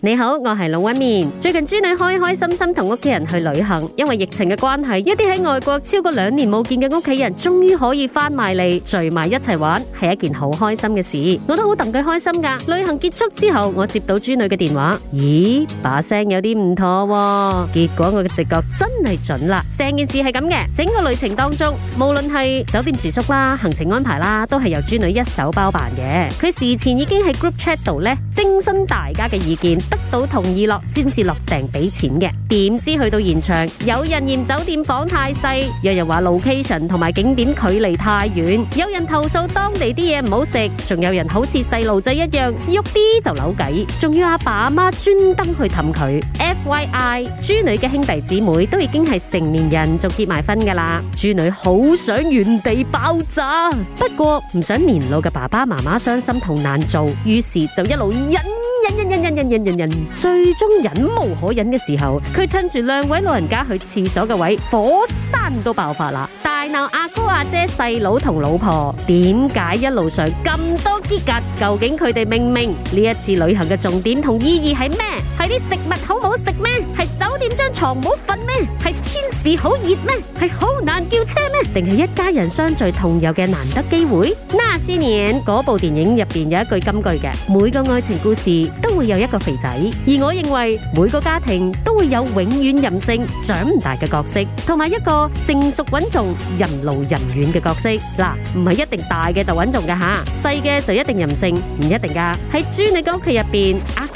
你好，我係老紋敏。最近豬女開開心心同屋企人去旅行，因為疫情嘅關係，一啲喺外國超過兩年冇見嘅屋企人，終於可以返埋嚟，聚埋一齊玩，係一件好開心嘅事。我都好戥佢開心㗎。旅行結束之後，我接到豬女嘅電話，咦，把聲有啲唔妥喎。結果我嘅直覺真係準啦。成件事係咁嘅，整個旅程當中，無論係酒店住宿啦、行程安排啦，都係由豬女一手包辦嘅。佢事前已經喺 group chat 度咧徵詢大家嘅意見。得到同意落先至落訂俾錢嘅，點知去到現場有人嫌酒店房太細，有人話 location 同埋景點距離太遠，有人投訴當地啲嘢唔好食，仲有人好似細路仔一樣喐啲就扭計，仲要阿爸阿媽專登去氹佢。FYI，豬女嘅兄弟姊妹都已經係成年人，就結埋婚噶啦，豬女好想原地爆炸，不過唔想年老嘅爸爸媽媽傷心同難做，於是就一路忍。人人人人人人人最終忍無可忍嘅時候，佢趁住兩位老人家去廁所嘅位，火山都爆發啦！大鬧阿哥阿姐、細佬同老婆。點解一路上咁多糾葛，究竟佢哋明唔明呢一次旅行嘅重點同意義係咩？係啲食物好唔好食咩？床冇瞓咩？係天時好熱咩？係好難叫車咩？定係一家人相聚同遊嘅難得機會？ 那些年嗰部電影入邊有一句金句嘅，每個愛情故事都會有一個肥仔，而我認為每個家庭都會有永遠任性長唔大嘅角色，同埋一個成熟穩重、任勞任怨嘅角色。嗱、啊，唔係一定大嘅就穩重嘅吓，細、啊、嘅就一定任性，唔一定噶。喺朱你嘅屋企入邊。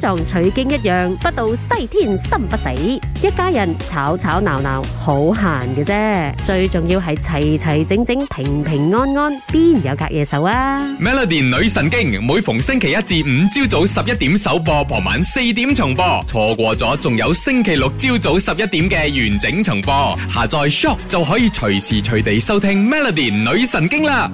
像取經一樣，不到西天心不死。一家人吵吵鬧鬧，好閒嘅啫。最重要係齊齊整整、平平安安，邊有隔夜仇啊！Melody 女神經每逢星期一至五朝早十一點首播，傍晚四點重播。錯過咗，仲有星期六朝早十一點嘅完整重播。下載 Shock 就可以隨時隨地收聽 Melody 女神經啦。